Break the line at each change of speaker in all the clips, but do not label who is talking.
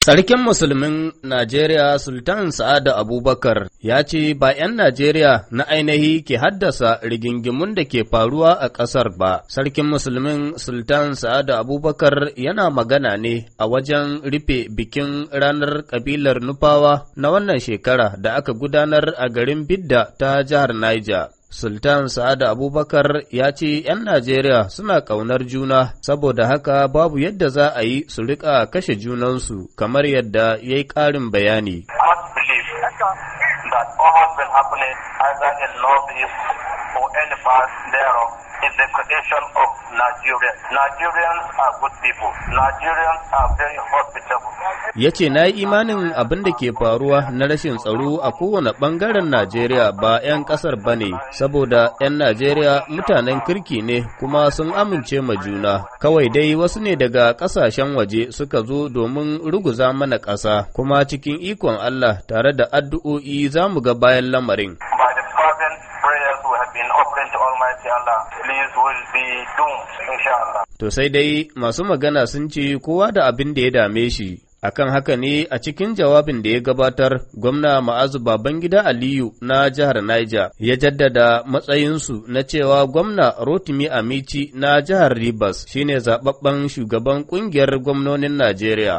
Sarkin Musulmin Najeriya Sultan Sa'ada Abubakar ya ce ba ‘yan Najeriya na ainihi ke haddasa rigingimun da ke faruwa a ƙasar ba. Sarkin Musulmin Sultan Sa'ada Abubakar yana magana ne a wajen rufe bikin ranar ƙabilar Nufawa na wannan shekara da aka gudanar a garin Bidda ta jihar Niger. Sultan Sa'ad Abubakar ya ce ‘yan Najeriya suna ƙaunar juna, saboda haka babu yadda za a yi su riƙa kashe junansu kamar yadda ya yi ƙarin bayani. that almost been happening either in northeast is the condition of Nigerians. Nigerians are good people. Nigerians are very hospitable. Ya ce na yi imanin abin da ke faruwa na rashin tsaro a kowane ɓangaren Najeriya ba 'yan ƙasar ba ne, saboda 'yan Najeriya mutanen kirki ne kuma sun amince ma juna. Kawai dai wasu ne daga ƙasashen waje suka zo domin ruguza mana ƙasa, kuma cikin ikon Allah tare da addu'o'i za mu ga bayan lamarin. Almighty Allah, please will be doomed, insha Allah. To sai dai masu magana sun ce kowa da abin da ya dame shi. Akan haka ne a cikin jawabin da ya gabatar, gwamna ma'azu Babangida Aliyu na jihar Niger ya jaddada matsayinsu na cewa gwamna Rotimi Amici na jihar Rivers shine zababben shugaban kungiyar gwamnonin Najeriya.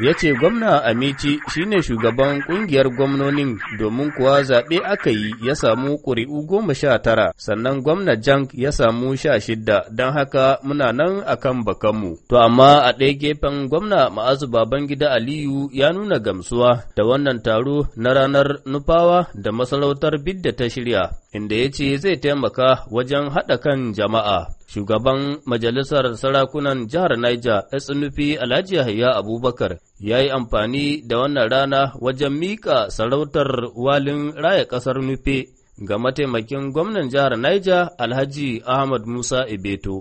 ya ce gwamna shi shine shugaban kungiyar gwamnonin domin kuwa zaɓe aka yi ya samu ƙuri'u goma sha tara sannan gwamna Jank ya samu sha shidda don haka muna nan akan bakanmu. To amma a ɗaya gefen gwamna ma'azu Babangida Aliyu ya nuna gamsuwa da wannan taro na ranar nufawa da masarautar bidda ta shirya inda ya ce zai taimaka wajen haɗa kan jama'a. Shugaban Majalisar Sarakunan Jihar Niger, Nufi Alhaji Yahya Abubakar, ya yi amfani da wannan rana wajen miƙa sarautar walin raya ƙasar Nufe ga mataimakin gwamnan jihar Niger Alhaji Ahmad Musa Ibeto.